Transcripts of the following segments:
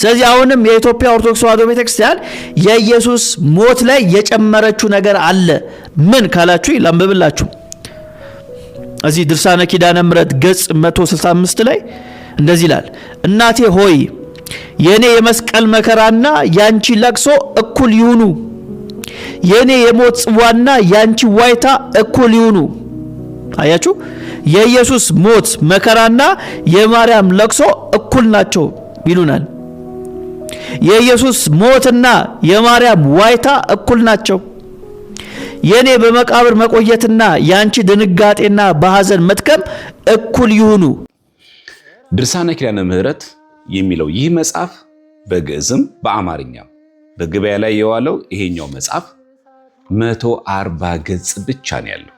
ስለዚህ አሁንም የኢትዮጵያ ኦርቶዶክስ ተዋህዶ ቤተክርስቲያን የኢየሱስ ሞት ላይ የጨመረችው ነገር አለ። ምን ካላችሁ ላንብብላችሁ። እዚህ ድርሳነ ኪዳነ ምሕረት ገጽ 165 ላይ እንደዚህ ይላል። እናቴ ሆይ የእኔ የመስቀል መከራና ያንቺ ለቅሶ እኩል ይሁኑ። የእኔ የሞት ጽዋና ያንቺ ዋይታ እኩል ይሁኑ። አያችሁ፣ የኢየሱስ ሞት መከራና የማርያም ለቅሶ እኩል ናቸው ይሉናል። የኢየሱስ ሞትና የማርያም ዋይታ እኩል ናቸው። የእኔ በመቃብር መቆየትና የአንቺ ድንጋጤና በሐዘን መትከም እኩል ይሁኑ። ድርሳነ ኪዳነ ምሕረት የሚለው ይህ መጽሐፍ በግዕዝም በአማርኛም በገበያ ላይ የዋለው ይሄኛው መጽሐፍ 140 ገጽ ብቻ ነው ያለው።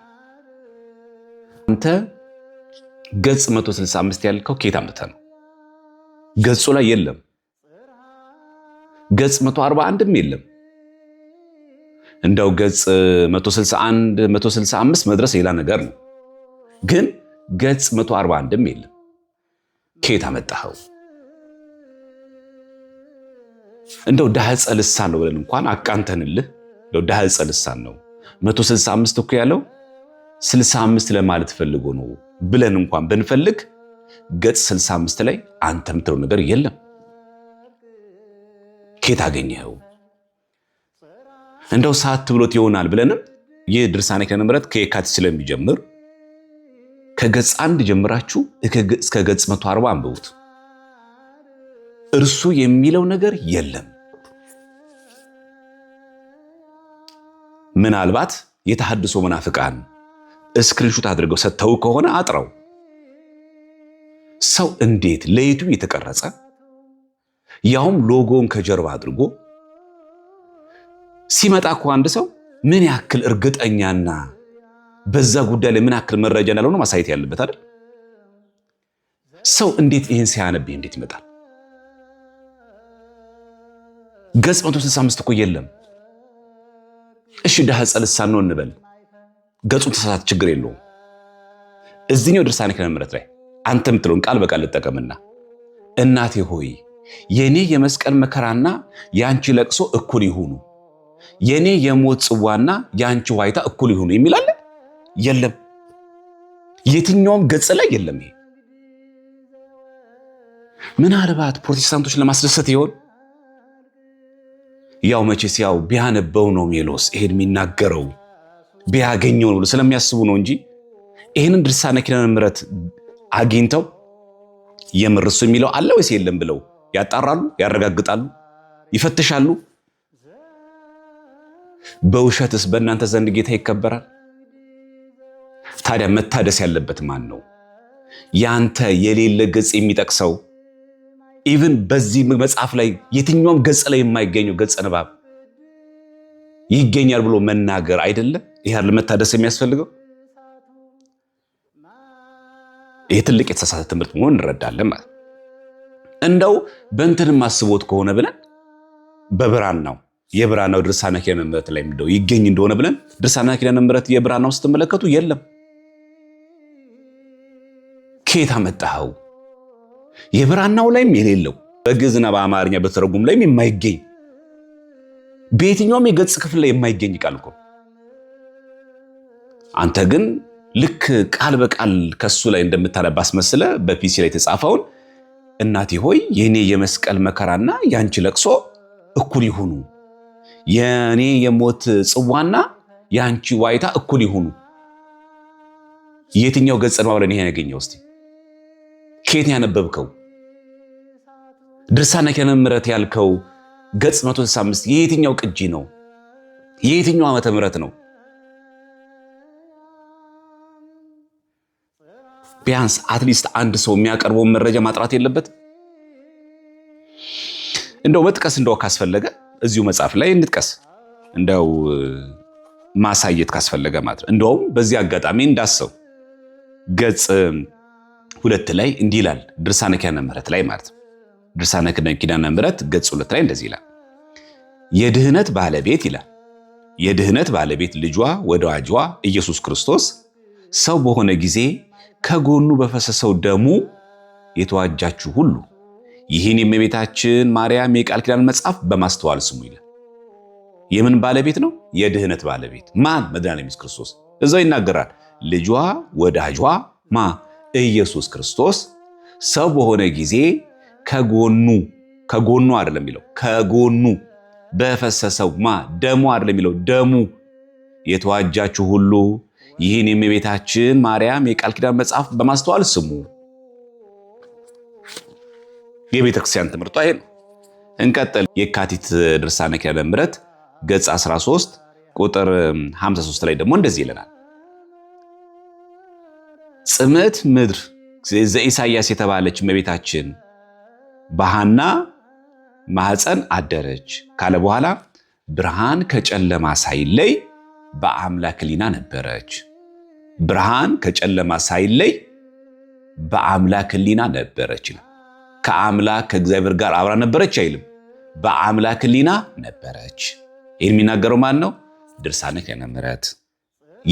አንተ ገጽ 165 ያልከው ኬት አምጥተህ ነው? ገጹ ላይ የለም። ገጽ 141ም የለም። እንደው ገጽ 161 165 መድረስ ሌላ ነገር ነው፣ ግን ገጽ 141ም የለም። ከየት አመጣኸው? እንደው ዳህፀ ልሳን ነው ብለን እንኳን አቃንተንልህ። እንደው ዳህፀ ልሳን ነው 165 እኮ ያለው 65 ለማለት ፈልጎ ነው ብለን እንኳን ብንፈልግ ገጽ 65 ላይ አንተ የምትለው ነገር የለም። ኬት አገኘኸው? እንደው ሰዓት ብሎት ይሆናል ብለንም ይህ ድርሳነ ኪዳነ ምሕረት ከየካቲት ስለሚጀምር ከገጽ አንድ ጀምራችሁ እስከ ገጽ 140 አንብቡት። እርሱ የሚለው ነገር የለም። ምናልባት የተሐድሶ መናፍቃን እስክሪንሹት አድርገው ሰጥተው ከሆነ አጥረው ሰው እንዴት ለይቱ የተቀረጸ ያውም ሎጎውን ከጀርባ አድርጎ ሲመጣ እኮ አንድ ሰው ምን ያክል እርግጠኛና በዛ ጉዳይ ላይ ምን ያክል መረጃ እንዳልሆነ ማሳየት ያለበት አይደል? ሰው እንዴት ይህን ሲያነብ እንዴት ይመጣል? ገጽ 165 እኮ የለም። እሺ ዳህጸ ልሳን ነው እንበል፣ ገጹን ተሳሳት፣ ችግር የለውም። እዚህኛው ድርሳነ ኪዳነ ምሕረት ላይ አንተ የምትለውን ቃል በቃል ልጠቀምና እናቴ ሆይ የኔ የመስቀል መከራና የአንቺ ለቅሶ እኩል ይሁኑ፣ የኔ የሞት ጽዋና የአንቺ ዋይታ እኩል ይሁኑ የሚላለ የለም። የትኛውም ገጽ ላይ የለም። ይሄ ምናልባት ፕሮቴስታንቶች ለማስደሰት ይሆን? ያው መቼስ ያው ቢያነበው ነው ሜሎስ ይሄን የሚናገረው ቢያገኘው ነው ስለሚያስቡ ነው እንጂ ይህንን ድርሳነ ኪዳነ ምሕረት አግኝተው የምርሱ የሚለው አለ ወይስ የለም ብለው ያጣራሉ፣ ያረጋግጣሉ፣ ይፈትሻሉ። በውሸትስ በእናንተ ዘንድ ጌታ ይከበራል። ታዲያ መታደስ ያለበት ማን ነው? ያንተ የሌለ ገጽ የሚጠቅሰው ኢቭን በዚህ መጽሐፍ ላይ የትኛውም ገጽ ላይ የማይገኘው ገጽ ንባብ ይገኛል ብሎ መናገር አይደለም። ይህ ለመታደስ የሚያስፈልገው ይህ ትልቅ የተሳሳተ ትምህርት መሆን እንረዳለን ማለት እንደው በእንትን ማስቦት ከሆነ ብለን በብራን በብራናው የብራናው ድርሳነ ኪዳነ ምሕረት ላይ እንደው ይገኝ እንደሆነ ብለን ድርሳነ ኪዳነ ምሕረት የብራናው ስትመለከቱ የለም። ከየት አመጣኸው? የብራናው ላይም የሌለው በግዕዝና በአማርኛ በተረጉም ላይም የማይገኝ በየትኛውም የገጽ ክፍል ላይ የማይገኝ ቃል እኮ አንተ ግን ልክ ቃል በቃል ከሱ ላይ እንደምታነብ አስመስለ በፒሲ ላይ የተጻፈውን እናቴ ሆይ የእኔ የመስቀል መከራና ያንቺ ለቅሶ እኩል ይሁኑ፣ የእኔ የሞት ጽዋና ያንቺ ዋይታ እኩል ይሁኑ። የትኛው ገጽ ነው ብለን ይሄን ያገኘው? እስቲ ከየት ያነበብከው? ድርሳነ ኪዳነ ምሕረት ያልከው ገጽ 165 የየትኛው ቅጂ ነው? የየትኛው ዓመተ ምሕረት ነው? ቢያንስ አትሊስት አንድ ሰው የሚያቀርበውን መረጃ ማጥራት የለበት? እንደው መጥቀስ እንደው ካስፈለገ እዚሁ መጽሐፍ ላይ እንጥቀስ፣ እንደው ማሳየት ካስፈለገ ማለት እንደውም በዚህ አጋጣሚ እንዳሰው ገጽ ሁለት ላይ እንዲህ ይላል። ድርሳነ ኪዳነ ምሕረት ላይ ማለት ነው። ድርሳነ ኪዳነ ምሕረት ገጽ ሁለት ላይ እንደዚህ ይላል። የድህነት ባለቤት ይላል የድህነት ባለቤት ልጇ ወደ ወዳጇ ኢየሱስ ክርስቶስ ሰው በሆነ ጊዜ ከጎኑ በፈሰሰው ደሙ የተዋጃችሁ ሁሉ ይህን የእመቤታችን ማርያም የቃል ኪዳን መጽሐፍ በማስተዋል ስሙ ይላል። የምን ባለቤት ነው? የድህነት ባለቤት ማን? መድኃኔዓለም ኢየሱስ ክርስቶስ። እዛው ይናገራል። ልጇ ወዳጇ ማ ኢየሱስ ክርስቶስ ሰው በሆነ ጊዜ ከጎኑ ከጎኑ አይደለም የሚለው ከጎኑ በፈሰሰው ማ ደሙ አይደለም የሚለው ደሙ የተዋጃችሁ ሁሉ ይህን የእመቤታችን ማርያም የቃል ኪዳን መጽሐፍ በማስተዋል ስሙ። የቤተ ክርስቲያን ትምህርቷ ይሄ ነው። እንቀጥል። የካቲት ድርሳነ ኪዳነ ምሕረት ገጽ 13 ቁጥር 53 ላይ ደግሞ እንደዚህ ይለናል። ጽምት ምድር ዘኢሳያስ የተባለች እመቤታችን በሐና ማኅፀን አደረች ካለ በኋላ ብርሃን ከጨለማ ሳይለይ በአምላክ ሊና ነበረች። ብርሃን ከጨለማ ሳይለይ በአምላክ ሊና ነበረች። ከአምላክ ከእግዚአብሔር ጋር አብራ ነበረች አይልም። በአምላክ ሊና ነበረች። ይህን የሚናገረው ማን ነው? ድርሳነ ኪዳነ ምሕረት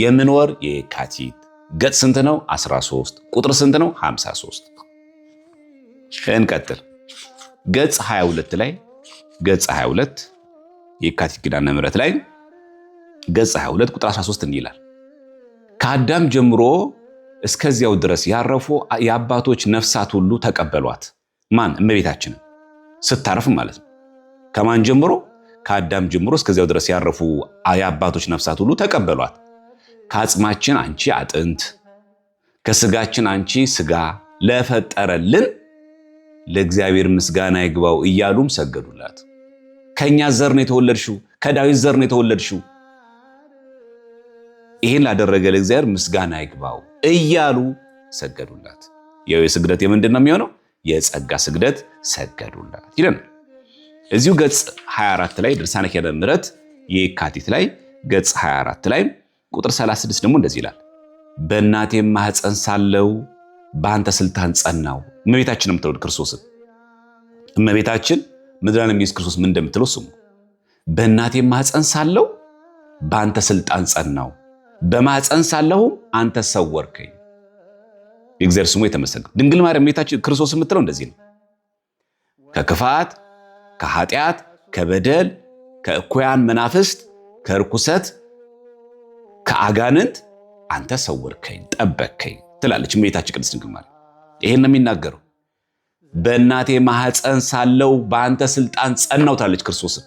የምንወር የካቲት ገጽ ስንት ነው? 13 ቁጥር ስንት ነው? 53 እንቀጥል። ገጽ 22 ላይ ገጽ 22 የካቲት ኪዳነ ምሕረት ላይ ገጽ 22 ቁጥር 13 እንዲህ ይላል ከአዳም ጀምሮ እስከዚያው ድረስ ያረፉ የአባቶች ነፍሳት ሁሉ ተቀበሏት። ማን? እመቤታችን ስታረፍ ማለት ነው። ከማን ጀምሮ? ከአዳም ጀምሮ እስከዚያው ድረስ ያረፉ የአባቶች ነፍሳት ሁሉ ተቀበሏት። ከአጽማችን አንቺ አጥንት፣ ከስጋችን አንቺ ስጋ ለፈጠረልን ለእግዚአብሔር ምስጋና ይግባው እያሉም ሰገዱላት። ከእኛ ዘር ነው የተወለድሽው፣ ከዳዊት ዘር ነው የተወለድሽው ይሄን ላደረገ ለእግዚአብሔር ምስጋና ይግባው እያሉ ሰገዱላት። ያው የስግደት የምንድን ነው የሚሆነው? የጸጋ ስግደት ሰገዱላት ይለን። እዚሁ ገጽ 24 ላይ ድርሳነ ኪዳነ ምሕረት የካቲት ላይ ገጽ 24 ላይ ቁጥር 36 ደግሞ እንደዚህ ይላል፣ በእናቴ ማህፀን ሳለው በአንተ ስልጣን ጸናው። እመቤታችን የምትለው ክርስቶስን እመቤታችን ምድራን የሚይዝ ክርስቶስ ምን እንደምትለው ስሙ። በእናቴ ማህፀን ሳለው በአንተ ስልጣን ጸናው በማፀን ሳለሁም አንተ ሰወርከኝ። እግዚአብሔር ስሙ የተመሰገነ። ድንግል ማርያም እመቤታችን ክርስቶስ የምትለው እንደዚህ ነው። ከክፋት ከኃጢአት፣ ከበደል፣ ከእኩያን መናፍስት፣ ከርኩሰት፣ ከአጋንንት አንተ ሰወርከኝ፣ ጠበከኝ ትላለች እመቤታችን ቅድስት ድንግል ማርያም። ይሄን ነው የሚናገረው። በእናቴ ማህፀን ሳለው በአንተ ስልጣን ጸናው ትላለች ክርስቶስን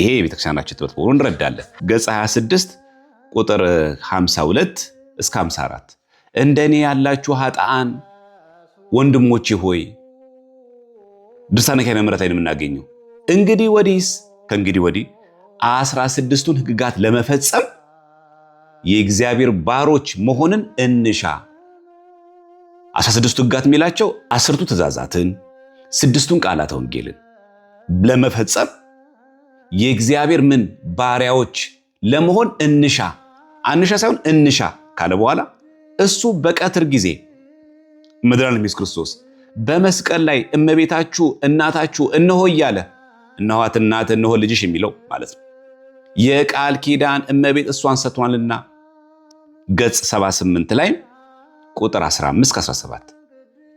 ይሄ የቤተክርስቲያናችን ትምህርት መሆኑን እንረዳለን። ገጽ 26 ቁጥር 52 እስከ 54 እንደ እኔ ያላችሁ ኃጥአን ወንድሞቼ ሆይ ድርሳነ ኪዳነ ምሕረት ላይ የምናገኘው። እንግዲህ ወዲህስ ከእንግዲህ ወዲህ አስራ ስድስቱን ህግጋት ለመፈጸም የእግዚአብሔር ባሮች መሆንን እንሻ። አስራ ስድስቱ ሕግጋት የሚላቸው አስርቱ ትእዛዛትን፣ ስድስቱን ቃላተ ወንጌልን ለመፈጸም የእግዚአብሔር ምን ባሪያዎች ለመሆን እንሻ አንሻ ሳይሆን እንሻ ካለ በኋላ እሱ በቀትር ጊዜ መድኃኒታችን ኢየሱስ ክርስቶስ በመስቀል ላይ እመቤታችሁ እናታችሁ እነሆ እያለ እነኋት እናት እነሆ ልጅሽ የሚለው ማለት ነው። የቃል ኪዳን እመቤት እሷን ሰጥቷልና ገጽ 78 ላይ ቁጥር 15 17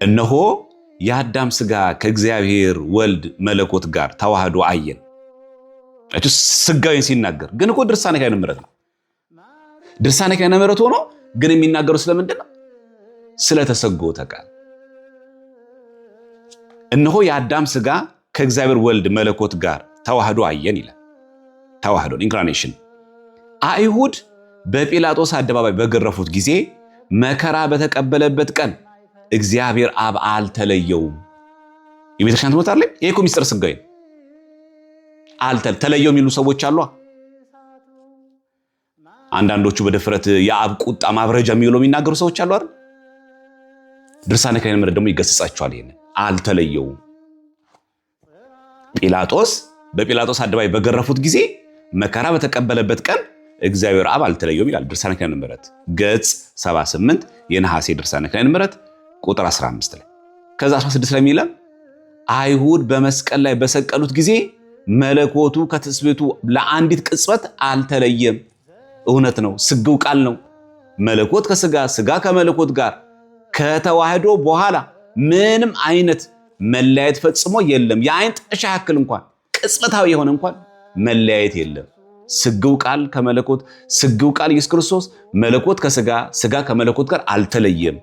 እነሆ የአዳም ስጋ ከእግዚአብሔር ወልድ መለኮት ጋር ተዋህዶ አየን ስጋዊን ሲናገር ግን እኮ ድርሳነ ኪዳነ ምሕረት ነው። ድርሳነ ኪዳነ ምሕረት ሆኖ ግን የሚናገሩ ስለምንድን ነው? ስለተሰጎተ ቃል እነሆ የአዳም ስጋ ከእግዚአብሔር ወልድ መለኮት ጋር ተዋህዶ አየን ይላል። ተዋህዶ ኢንካርኔሽን። አይሁድ በጲላጦስ አደባባይ በገረፉት ጊዜ መከራ በተቀበለበት ቀን እግዚአብሔር አብ አልተለየውም። የቤተክርስቲያን ትምህርት አለ። ይሄ እኮ ሚስጥር ስጋዌ ነው። አልተል ተለየው የሚሉ ሰዎች አሉ። አንዳንዶቹ በድፍረት የአብ ቁጣ ማብረጃ የሚውለው የሚናገሩ ሰዎች አሉ አይደል? ድርሳነ ካህን ደግሞ ይገስጻቸዋል። ይሄን አልተለየውም። ጲላጦስ በጲላጦስ አደባባይ በገረፉት ጊዜ መከራ በተቀበለበት ቀን እግዚአብሔር አብ አልተለየውም ይላል ድርሳነ ካህን ምድር ገጽ 78 የነሐሴ ድርሳነ ካህን ምድር ቁጥር 15 ላይ ከዛ 16 ላይ የሚለም አይሁድ በመስቀል ላይ በሰቀሉት ጊዜ መለኮቱ ከትስብእቱ ለአንዲት ቅጽበት አልተለየም። እውነት ነው፣ ስግው ቃል ነው። መለኮት ከስጋ ስጋ ከመለኮት ጋር ከተዋህዶ በኋላ ምንም አይነት መለያየት ፈጽሞ የለም። የአይን ጥቅሻ ያክል እንኳን ቅጽበታዊ የሆነ እንኳን መለያየት የለም። ስግው ቃል ከመለኮት ስግው ቃል ኢየሱስ ክርስቶስ መለኮት ከስጋ ስጋ ከመለኮት ጋር አልተለየም።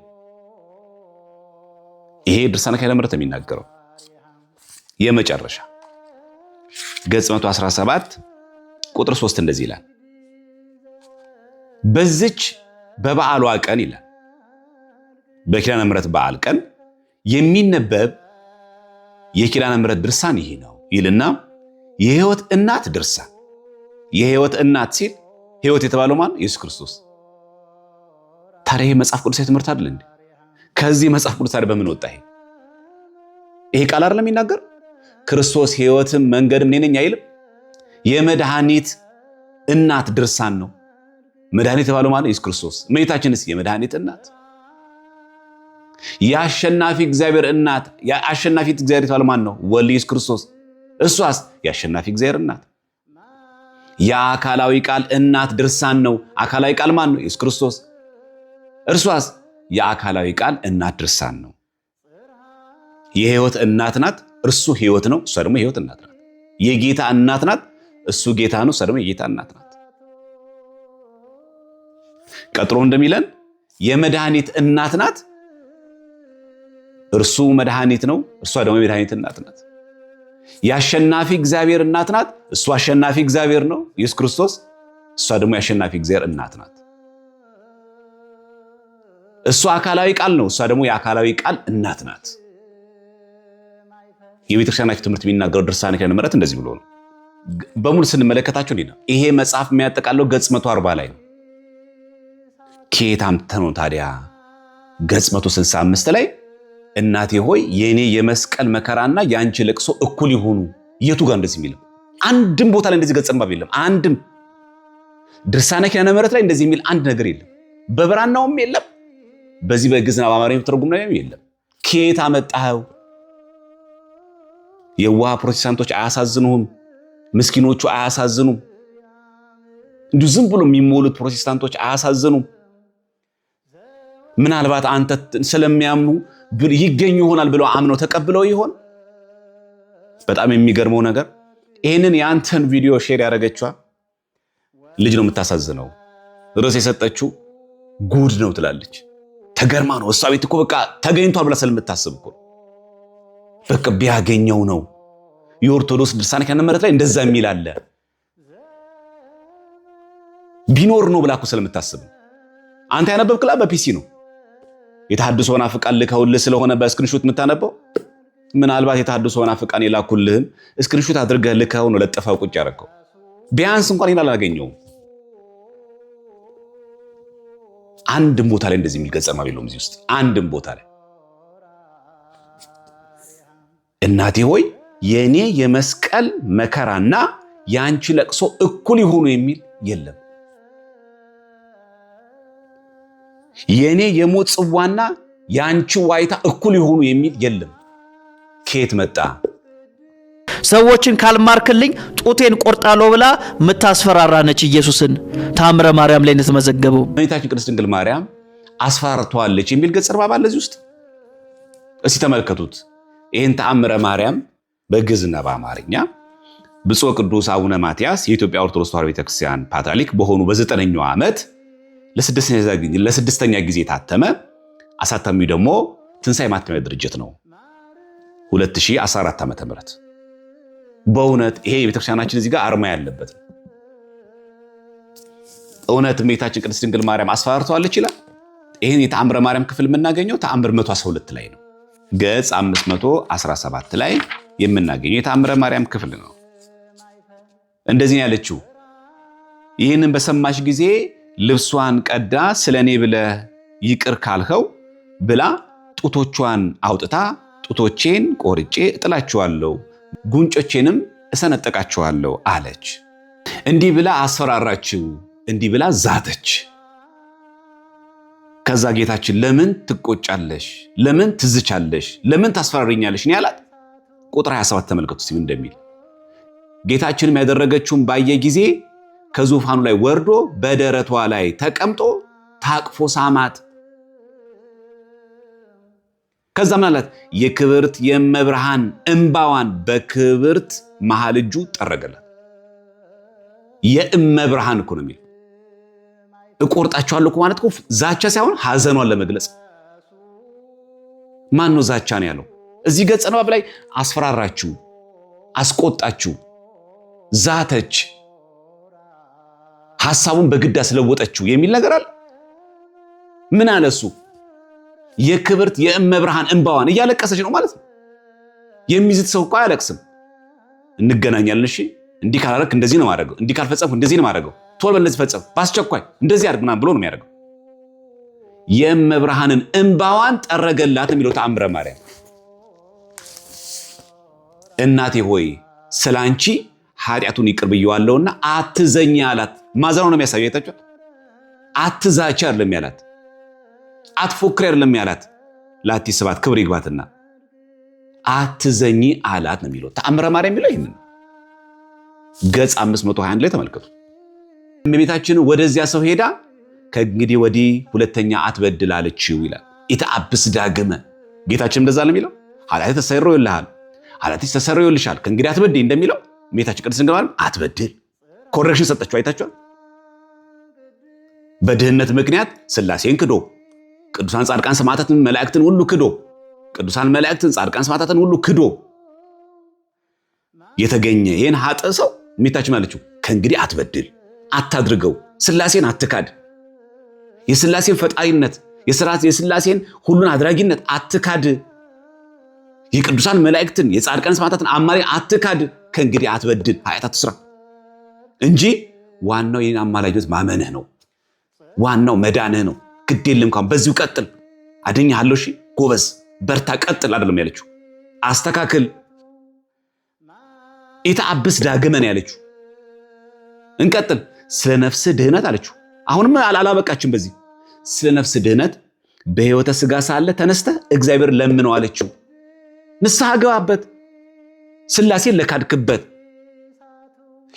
ይሄ ድርሳነ ኪዳነ ምሕረት የሚናገረው የመጨረሻ ገጽ 117 ቁጥር 3 እንደዚህ ይላል፣ በዚች በበዓሏ ቀን ይላል በኪዳነ ምሕረት በዓል ቀን የሚነበብ የኪዳነ ምሕረት ድርሳን ይሄ ነው ይልና የህይወት እናት ድርሳን። የህይወት እናት ሲል ህይወት የተባለው ማን? ኢየሱስ ክርስቶስ። ታዲያ ይህ መጽሐፍ ቅዱሳዊ ትምህርት አይደል እንዴ? ከዚህ መጽሐፍ ቅዱስ ታዲያ በምን ወጣ? ይሄ ቃል አይደለም የሚናገር ክርስቶስ ሕይወትም መንገድም እኔ ነኝ አይልም። የመድኃኒት እናት ድርሳን ነው። መድኃኒት የተባለው ማለት ኢየሱስ ክርስቶስ። እመቤታችንስ የመድኃኒት እናት የአሸናፊ እግዚአብሔር እናት። የአሸናፊ እግዚአብሔር የተባለው ማን ነው? ወልድ ኢየሱስ ክርስቶስ። እሷስ የአሸናፊ እግዚአብሔር እናት። የአካላዊ ቃል እናት ድርሳን ነው። አካላዊ ቃል ማን ነው? ኢየሱስ ክርስቶስ። እርሷስ የአካላዊ ቃል እናት ድርሳን ነው። የህይወት እናት ናት። እርሱ ህይወት ነው፣ እሷ ደግሞ የህይወት እናት ናት። የጌታ እናት ናት። እሱ ጌታ ነው፣ እሷ ደግሞ የጌታ እናት ናት። ቀጥሎ እንደሚለን የመድኃኒት እናት ናት። እርሱ መድኃኒት ነው፣ እርሷ ደግሞ የመድኃኒት እናት ናት። የአሸናፊ እግዚአብሔር እናት ናት። እሱ አሸናፊ እግዚአብሔር ነው፣ ኢየሱስ ክርስቶስ። እሷ ደግሞ የአሸናፊ እግዚአብሔር እናት ናት። እሱ አካላዊ ቃል ነው፣ እሷ ደግሞ የአካላዊ ቃል እናት ናት። የቤተክርስቲያናቸው ትምህርት የሚናገረው ድርሳነ ኪዳነ ምሕረት እንደዚህ ብሎ ነው። በሙሉ ስንመለከታቸው እንዲህ ነው። ይሄ መጽሐፍ የሚያጠቃለው ገጽ መቶ አርባ ላይ ነው። ከየት አምጥተህ ነው ታዲያ ገጽ መቶ ስልሳ አምስት ላይ እናቴ ሆይ የእኔ የመስቀል መከራና የአንቺ ለቅሶ እኩል ይሆኑ የቱ ጋር እንደዚህ የሚለው አንድም ቦታ ላይ እንደዚህ ገጽ ንባብ የለም። አንድም ድርሳነ ኪዳነ ምሕረት ላይ እንደዚህ የሚል አንድ ነገር የለም። በብራናውም የለም። በዚህ በግዕዝና በአማርኛ ተርጉም ላይ የለም። ከየት አመጣኸው? የውሃ ፕሮቴስታንቶች አያሳዝኑህም? ምስኪኖቹ አያሳዝኑም? እንዲሁ ዝም ብሎ የሚሞሉት ፕሮቴስታንቶች አያሳዝኑም? ምናልባት አንተ ስለሚያምኑ ይገኙ ይሆናል ብለው አምነው ተቀብለው ይሆን? በጣም የሚገርመው ነገር ይህንን የአንተን ቪዲዮ ሼር ያደረገችዋ ልጅ ነው የምታሳዝነው። ርዕስ የሰጠችው ጉድ ነው ትላለች። ተገርማ ነው እሷ ቤት እኮ በቃ ተገኝቷል ብላ ስለምታስብ እኮ በቃ ቢያገኘው ነው። የኦርቶዶክስ ድርሳነ ኪዳነ ምሕረት ላይ እንደዛ የሚል አለ። ቢኖር ነው ብላ እኮ ስለምታስብ አንተ ክላ በፒሲ ነው የተሐድሶ ናፍቃን ልከውልህ ስለሆነ በስክሪንሾት የምታነበው ምናልባት የተሐድሶ ናፍቃን የላኩልህን ስክሪንሾት አድርገህ ልከው ነው ለጠፋው ቁጭ ያደረገው። ቢያንስ እንኳን ይህን አላገኘውም። አንድም ቦታ ላይ እንደዚህ የሚል ገጸማ የለውም እዚህ ውስጥ አንድም ቦታ ላይ እናቴ ሆይ የእኔ የመስቀል መከራና የአንቺ ለቅሶ እኩል ይሆኑ የሚል የለም። የእኔ የሞት ጽዋና የአንቺ ዋይታ እኩል ይሆኑ የሚል የለም። ከየት መጣ? ሰዎችን ካልማርክልኝ ጡቴን ቆርጣሎ ብላ የምታስፈራራ ነች። ኢየሱስን ታምረ ማርያም ላይ እንደተመዘገበው እመቤታችን ቅድስት ድንግል ማርያም አስፈራርተዋለች የሚል ገጽ እርባባ ለዚህ ውስጥ እስቲ ተመልከቱት። ይህን ተአምረ ማርያም በግዕዝና በአማርኛ ብፁዕ ቅዱስ አቡነ ማትያስ የኢትዮጵያ ኦርቶዶክስ ተዋሕዶ ቤተክርስቲያን ፓትርያርክ በሆኑ በዘጠነኛው ዓመት ለስድስተኛ ጊዜ ታተመ። አሳታሚው ደግሞ ትንሣኤ ማተሚያ ድርጅት ነው፣ 2014 ዓ ም በእውነት ይሄ የቤተክርስቲያናችን እዚህ ጋር አርማ ያለበት ነው። እውነት እመቤታችን ቅድስት ድንግል ማርያም አስፈራርተዋለች ይላል። ይህን የተአምረ ማርያም ክፍል የምናገኘው ተአምር 112 ላይ ነው። ገጽ 517 ላይ የምናገኘው የታምረ ማርያም ክፍል ነው። እንደዚህ ያለችው ይህንን በሰማሽ ጊዜ ልብሷን ቀዳ ስለ እኔ ብለህ ይቅር ካልኸው ብላ ጡቶቿን አውጥታ ጡቶቼን ቆርጬ እጥላችኋለሁ፣ ጉንጮቼንም እሰነጠቃችኋለሁ አለች። እንዲህ ብላ አስፈራራችው፣ እንዲህ ብላ ዛተች። ከዛ ጌታችን ለምን ትቆጫለሽ? ለምን ትዝቻለሽ? ለምን ታስፈራሪኛለሽ? እኔ አላት። ቁጥር 27 ተመልከቱ ሲል እንደሚል ጌታችንም ያደረገችውን ባየ ጊዜ ከዙፋኑ ላይ ወርዶ በደረቷ ላይ ተቀምጦ ታቅፎ ሳማት። ከዛ ምን አላት? የክብርት የመብርሃን እምባዋን በክብርት መሃል እጁ ጠረገላት። የእመብርሃን እኮ ነው የሚል እቆርጣቸዋለሁ እኮ ማለት ዛቻ ሳይሆን ሐዘኗን ለመግለጽ ማን ነው ዛቻ ነው ያለው? እዚህ ገጸ ንባብ ላይ አስፈራራችሁ፣ አስቆጣችሁ፣ ዛተች፣ ሐሳቡን በግድ አስለወጠችው የሚል ነገር አለ። ምን አለ እሱ? የክብርት የእመብርሃን እንባዋን እያለቀሰች ነው ማለት ነው። የሚዝት ሰው እኮ አያለቅስም። እንገናኛለን፣ እሺ፣ እንዲህ ካላረክ እንደዚህ ነው ማድረገው፣ እንዲህ ካልፈጸምኩ እንደዚህ ነው ማድረገው ቶሎ በለዚህ ፈጸም፣ በአስቸኳይ እንደዚህ አድርግ ምናምን ብሎ ነው የሚያደርገው። የእመብርሃንን እንባዋን ጠረገላት የሚለው ተአምረ ማርያም። እናቴ ሆይ ስለ አንቺ ኃጢአቱን ይቅር ብየዋለውና አትዘኝ አላት። ማዘኑ ነው የሚያሳየው። አይታችኋት? አትዛች አይደለም ያላት፣ አትፎክሪ አይደለም ያላት። ላቲ ስባት ክብር ይግባትና አትዘኝ አላት ነው የሚለው ተአምረ ማርያም የሚለው ይህንን ገጽ 521 ላይ ተመልከቱ። እመቤታችን ወደዚያ ሰው ሄዳ ከእንግዲህ ወዲህ ሁለተኛ አትበድል አለችው ይላል። ኢተአብስ ዳግመ ጌታችን እንደዛ ነው የሚለው። ኃጢአትህ ተሰሮ ይልሃል፣ ኃጢአትሽ ተሰሮ ይልሻል፣ ከእንግዲህ አትበድል እንደሚለው እመቤታችን ቅድስት ድንግል ማርያም አትበድል ኮሬክሽን ሰጠችው። አይታችኋል። በድህነት ምክንያት ስላሴን ክዶ ቅዱሳን ጻድቃን ሰማዕታትን መላእክትን ሁሉ ክዶ ቅዱሳን መላእክትን ጻድቃን ሰማዕታትን ሁሉ ክዶ የተገኘ ይህን ሀጠ ሰው እመቤታችን አለችው ከእንግዲህ አትበድል አታድርገው። ስላሴን አትካድ። የስላሴን ፈጣሪነት የስላሴን ሁሉን አድራጊነት አትካድ። የቅዱሳን መላእክትን የጻድቃን ሰማዕታትን አማሪ አትካድ። ከእንግዲህ አትበድል፣ ኃጢአት አትስራ እንጂ ዋናው ይህን አማላጅነት ማመንህ ነው። ዋናው መዳንህ ነው። ግድ የለም እንኳን በዚሁ ቀጥል። አድኛለሁ፣ እሺ ጎበዝ፣ በርታ፣ ቀጥል አይደለም ያለችው፣ አስተካክል። ኢተአብስ አብስ ዳግመን ያለችው። እንቀጥል ስለ ነፍስ ድህነት አለችው። አሁንም አላበቃችም። በዚህ ስለ ነፍስ ድህነት በሕይወተ ሥጋ ሳለ ተነስተ እግዚአብሔር ለምነው አለችው። ንስሐ ገባበት። ስላሴን ለካድክበት፣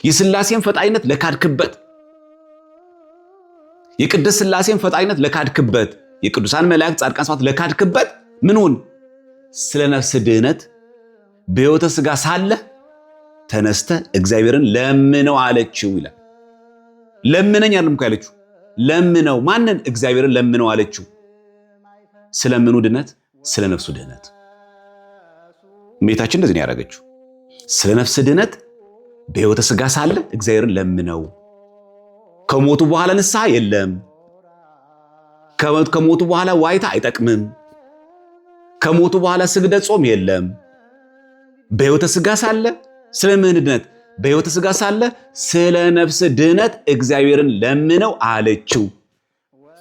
የስላሴን ፈጣይነት ለካድክበት፣ የቅድስ ስላሴን ፈጣይነት ለካድክበት፣ የቅዱሳን መላእክት ጻድቃን ሰማዕታት ለካድክበት ምንውን ስለ ነፍስ ድህነት በሕይወተ ሥጋ ሳለ ተነስተ እግዚአብሔርን ለምነው አለችው ይላል። ለምነኝ አለም እኮ ያለችው። ለምነው ማንን? እግዚአብሔርን ለምነው አለችው። ስለ ምኑ ድነት? ስለ ነፍሱ ድነት። ሜታችን እንደዚህ ያደረገችው። ስለ ነፍስ ድነት በሕይወተ ስጋ ሳለ እግዚአብሔርን ለምነው። ከሞቱ በኋላ ንስሐ የለም። ከሞቱ በኋላ ዋይታ አይጠቅምም። ከሞቱ በኋላ ስግደት፣ ጾም የለም። በሕይወተ ስጋ ሳለ ስለ ምን ድነት በሕይወተ ሥጋ ሳለ ስለ ነፍስ ድህነት እግዚአብሔርን ለምነው አለችው።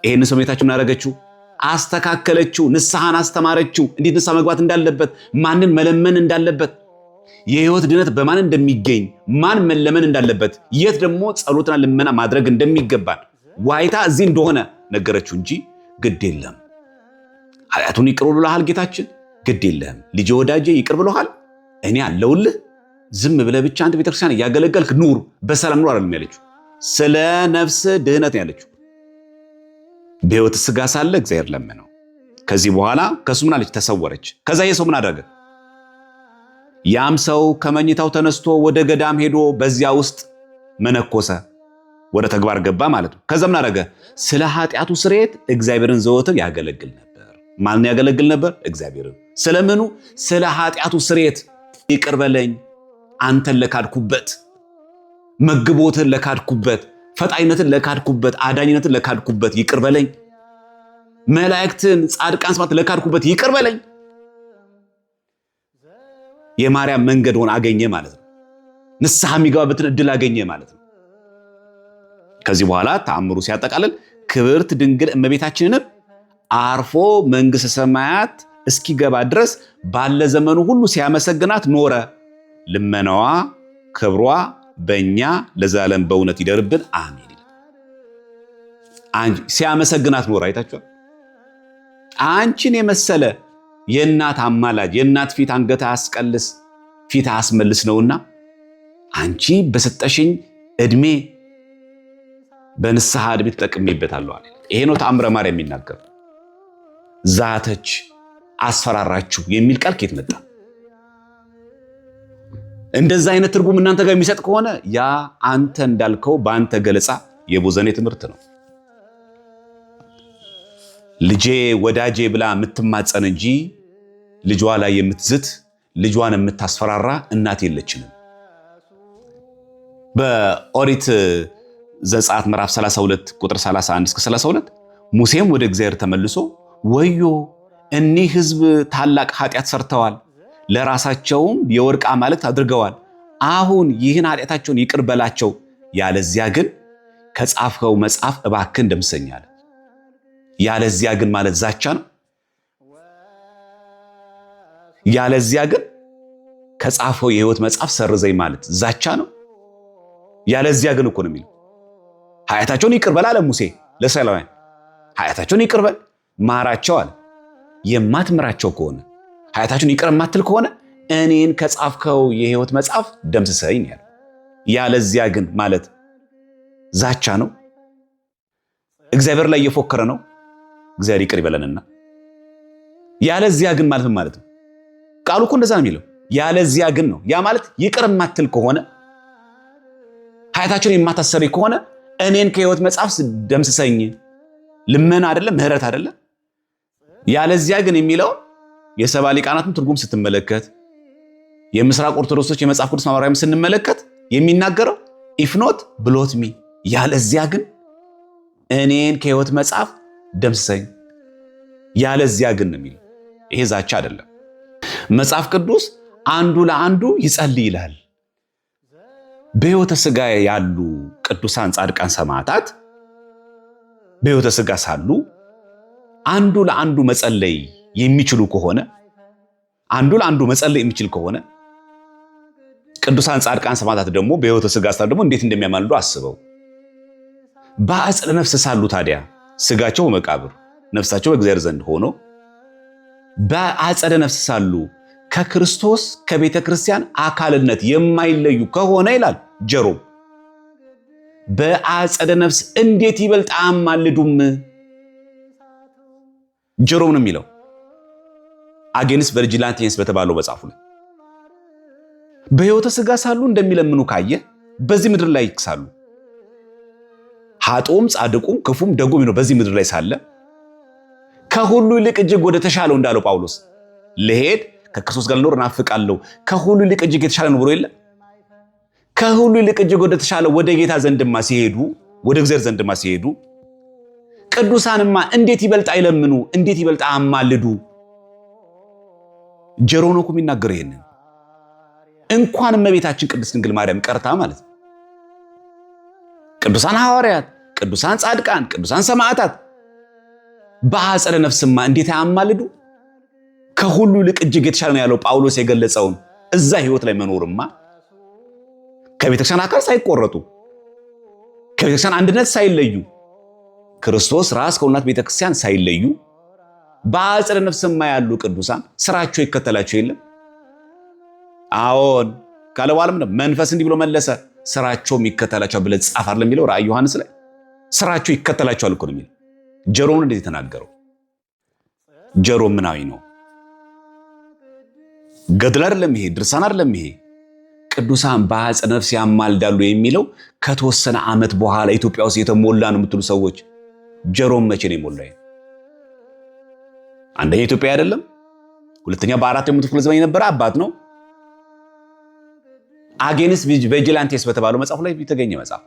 ይህን ሰው ቤታችሁ ምን አስተካከለችው። ንስሐን አስተማረችው። እንዴት ንስሐ መግባት እንዳለበት፣ ማንን መለመን እንዳለበት፣ የሕይወት ድህነት በማን እንደሚገኝ፣ ማን መለመን እንዳለበት፣ የት ደግሞ ጸሎትና ልመና ማድረግ እንደሚገባን ዋይታ እዚህ እንደሆነ ነገረችው እንጂ ግድ የለም ኃጢአቱን ይቅር ብሎሃል ጌታችን፣ ግድ የለም ልጄ፣ ወዳጄ ይቅር ብሎሃል፣ እኔ አለውልህ ዝም ብለህ ብቻ አንተ ቤተክርስቲያን እያገለገልክ ኑር፣ በሰላም ኑር አይደለም ያለችው፣ ስለ ነፍስ ድህነት ነው ያለችው። በህይወት ስጋ ሳለ እግዚአብሔር ለመነው። ከዚህ በኋላ ከሱ ምን አለች? ተሰወረች። ከዛ ይሄ ሰው ምን አደረገ? ያም ሰው ከመኝታው ተነስቶ ወደ ገዳም ሄዶ በዚያ ውስጥ መነኮሰ፣ ወደ ተግባር ገባ ማለት ነው። ከዛ ምን አደረገ? ስለ ኃጢአቱ ስርየት እግዚአብሔርን ዘወትር ያገለግል ነበር። ማንን ያገለግል ነበር? እግዚአብሔርን። ስለምኑ? ስለ ኃጢአቱ ስርየት ይቅርበለኝ አንተን ለካድኩበት፣ መግቦትን ለካድኩበት፣ ፈጣይነትን ለካድኩበት፣ አዳኝነትን ለካድኩበት ይቅር በለኝ። መላእክትን፣ ጻድቃን ስባት ለካድኩበት ይቅር በለኝ። የማርያም መንገድ ሆን አገኘ ማለት ነው። ንስሐ የሚገባበትን እድል አገኘ ማለት ነው። ከዚህ በኋላ ተአምሩ ሲያጠቃልል ክብርት ድንግል እመቤታችንንም አርፎ መንግሥተ ሰማያት እስኪገባ ድረስ ባለ ዘመኑ ሁሉ ሲያመሰግናት ኖረ። ልመናዋ ክብሯ በእኛ ለዛለም በእውነት ይደርብን አሜን። ሲያመሰግናት ኖር አይታችኋል። አንቺን የመሰለ የእናት አማላጅ የእናት ፊት አንገት አስቀልስ ፊት አስመልስ ነውና አንቺ በሰጠሽኝ እድሜ በንስሐ እድሜ ተጠቅሜበታለሁ አለ። ይሄ ነው ተአምረ ማርያም የሚናገር ዛተች፣ አስፈራራችሁ የሚል ቃል ከየት መጣ? እንደዛ አይነት ትርጉም እናንተ ጋር የሚሰጥ ከሆነ ያ አንተ እንዳልከው በአንተ ገለጻ የቦዘኔ ትምህርት ነው። ልጄ ወዳጄ ብላ የምትማጸን እንጂ ልጇ ላይ የምትዝት ልጇን የምታስፈራራ እናት የለችንም። በኦሪት ዘጸአት ምዕራፍ 32 ቁጥር 31 እስከ 32 ሙሴም ወደ እግዚአብሔር ተመልሶ ወዮ እኒህ ሕዝብ ታላቅ ኃጢአት ሰርተዋል ለራሳቸውም የወርቅ አማልክት አድርገዋል። አሁን ይህን ኃጢአታቸውን ይቅር በላቸው፣ ያለዚያ ግን ከጻፍኸው መጽሐፍ እባክህ እንደምሰኛለ። ያለዚያ ግን ማለት ዛቻ ነው። ያለዚያ ግን ከጻፈው የህይወት መጽሐፍ ሰርዘኝ ማለት ዛቻ ነው። ያለዚያ ግን እኮ ነው የሚለው ኃጢአታቸውን ይቅር በል አለ ሙሴ ለእስራኤላውያን ኃጢአታቸውን ይቅር በል ማራቸው አለ። የማትምራቸው ከሆነ ኃጢአታችሁን ይቅር የማትል ከሆነ እኔን ከጻፍከው የህይወት መጽሐፍ ደምስሰኝ ያለ። ያለዚያ ግን ማለት ዛቻ ነው። እግዚአብሔር ላይ እየፎከረ ነው። እግዚአብሔር ይቅር ይበለንና ያለዚያ ግን ማለት ማለት ነው? ቃሉ እኮ እንደዛ ነው የሚለው። ያለዚያ ግን ነው። ያ ማለት ይቅር የማትል ከሆነ ሀያታችን የማታሰሪ ከሆነ እኔን ከህይወት መጽሐፍ ደምስሰኝ። ልመና አይደለም ምህረት አይደለም። ያለዚያ ግን የሚለውን የሰባ ሊቃናትን ትርጉም ስትመለከት የምስራቅ ኦርቶዶክሶች የመጽሐፍ ቅዱስ ማብራሪያም ስንመለከት የሚናገረው ኢፍኖት ብሎትሚ ያለዚያ ግን እኔን ከህይወት መጽሐፍ ደምስሰኝ ያለዚያ ግን ነው የሚል። ይሄ ዛቻ አይደለም። መጽሐፍ ቅዱስ አንዱ ለአንዱ ይጸልይ ይላል። በህይወተ ስጋ ያሉ ቅዱሳን ጻድቃን ሰማዕታት በህይወተ ስጋ ሳሉ አንዱ ለአንዱ መጸለይ የሚችሉ ከሆነ አንዱ ለአንዱ መጸለይ የሚችል ከሆነ ቅዱሳን ጻድቃን ሰማዕታት ደግሞ በሕይወተ ሥጋ ሳሉ ደግሞ እንዴት እንደሚያማልዱ አስበው። በአጽለ ነፍስ ሳሉ ታዲያ ስጋቸው በመቃብር ነፍሳቸው በእግዚአብሔር ዘንድ ሆኖ በአጸደ ነፍስ ሳሉ ከክርስቶስ ከቤተ ክርስቲያን አካልነት የማይለዩ ከሆነ ይላል ጀሮም በአጸደ ነፍስ እንዴት ይበልጥ አማልዱም? ጀሮም ነው የሚለው። አጌንስ ቨርጅላንቲንስ በተባለው መጽሐፉ ላይ በሕይወተ ሥጋ ሳሉ እንደሚለምኑ ካየ በዚህ ምድር ላይ ይክሳሉ። ሀጦም ጻድቁም ክፉም ደጉም ነው በዚህ ምድር ላይ ሳለ ከሁሉ ይልቅ እጅግ ወደ ተሻለው እንዳለው ጳውሎስ ልሄድ ከክርስቶስ ጋር ልኖር እናፍቃለሁ፣ ከሁሉ ይልቅ እጅግ የተሻለ ነው ብሎ የለም። ከሁሉ ይልቅ እጅግ ወደ ተሻለ ወደ ጌታ ዘንድማ ሲሄዱ ወደ እግዚአብሔር ዘንድማ ሲሄዱ ቅዱሳንማ እንዴት ይበልጥ አይለምኑ? እንዴት ይበልጥ አማልዱ ጀሮ ነው እኮ የሚናገረው ይሄንን። እንኳን እመቤታችን ቅድስት ድንግል ማርያም ቀርታ ማለት ነው ቅዱሳን ሐዋርያት፣ ቅዱሳን ጻድቃን፣ ቅዱሳን ሰማዕታት በሐፀረ ነፍስማ እንዴት ያማልዱ። ከሁሉ ይልቅ እጅግ የተሻለ ነው ያለው ጳውሎስ የገለጸውን እዛ ህይወት ላይ መኖርማ ከቤተክርስቲያን አካል ሳይቆረጡ ከቤተክርስቲያን አንድነት ሳይለዩ ክርስቶስ ራስ ከሁሉናት ቤተክርስቲያን ሳይለዩ በአጽረ ነፍስ ያሉ ቅዱሳን ስራቸው ይከተላቸው የለም። አዎን ካለ በኋላ መንፈስ እንዲህ ብሎ መለሰ፣ ስራቸውም ይከተላቸዋል ብለህ ጻፍ አለ የሚለው ራእይ ዮሐንስ ላይ ስራቸው ይከተላቸዋል እኮ ነው የሚለው። ጀሮውን እንደዚህ ተናገረው። ጀሮ ምናዊ ነው? ገድል አይደለም ይሄ፣ ድርሳን አይደለም ይሄ። ቅዱሳን በአጽረ ነፍስ ያማልዳሉ የሚለው ከተወሰነ ዓመት በኋላ ኢትዮጵያ ውስጥ የተሞላ ነው የምትሉ ሰዎች ጀሮም መቼ ነው የሞላ? አንደኛ ኢትዮጵያ አይደለም፣ ሁለተኛ በአራተኛው ክፍለ ዘመን የነበረ አባት ነው። አጌንስ ቬጅላንቴስ በተባለው መጽሐፍ ላይ የተገኘ መጽሐፍ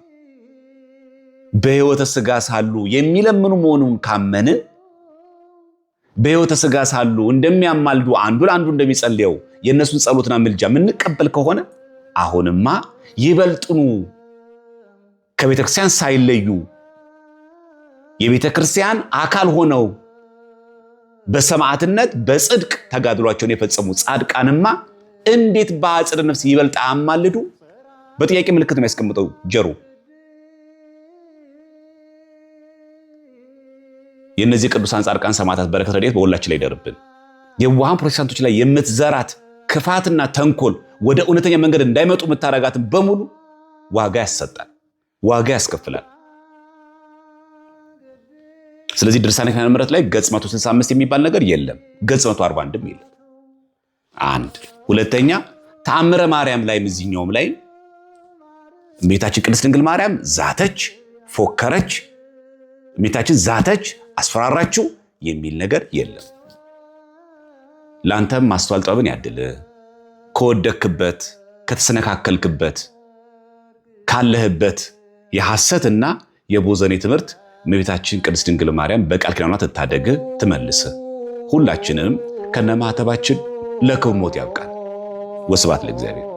በሕይወተ ሥጋ ሳሉ የሚለምኑ መሆኑን ካመንን በሕይወተ ሥጋ ሳሉ እንደሚያማልዱ አንዱ ለአንዱ እንደሚጸልየው የእነሱን ጸሎትና ምልጃ የምንቀበል ከሆነ አሁንማ ይበልጥኑ ከቤተክርስቲያን ሳይለዩ የቤተክርስቲያን አካል ሆነው በሰማዕትነት በጽድቅ ተጋድሏቸውን የፈጸሙ ጻድቃንማ እንዴት በአጽድ ነፍስ ይበልጥ አማልዱ? በጥያቄ ምልክት ነው ያስቀምጠው ጀሩ። የእነዚህ ቅዱሳን ጻድቃን ሰማዕታት በረከት ረድኤት በሁላችን ላይ ይደርብን። የዋሃን ፕሮቴስታንቶች ላይ የምትዘራት ክፋትና ተንኮል ወደ እውነተኛ መንገድ እንዳይመጡ የምታረጋትን በሙሉ ዋጋ ያሰጣል፣ ዋጋ ያስከፍላል። ስለዚህ ድርሳነ ኪዳነ ምሕረት ላይ ገጽ 165 የሚባል ነገር የለም። ገጽ 141ም የለም። አንድ ሁለተኛ ተአምረ ማርያም ላይም እዚህኛውም ላይ እመቤታችን ቅድስት ድንግል ማርያም ዛተች፣ ፎከረች፣ እመቤታችን ዛተች፣ አስፈራራችው የሚል ነገር የለም። ለአንተም ማስተዋል ጥበብን ያድል። ከወደክበት፣ ከተሰነካከልክበት፣ ካለህበት የሐሰትና የቦዘኔ ትምህርት እመቤታችን ቅድስት ድንግል ማርያም በቃል ኪዳኗ ትታደግ ትመልስ። ሁላችንንም ከነማህተባችን ለክቡር ሞት ያብቃል። ወስብሐት ለእግዚአብሔር።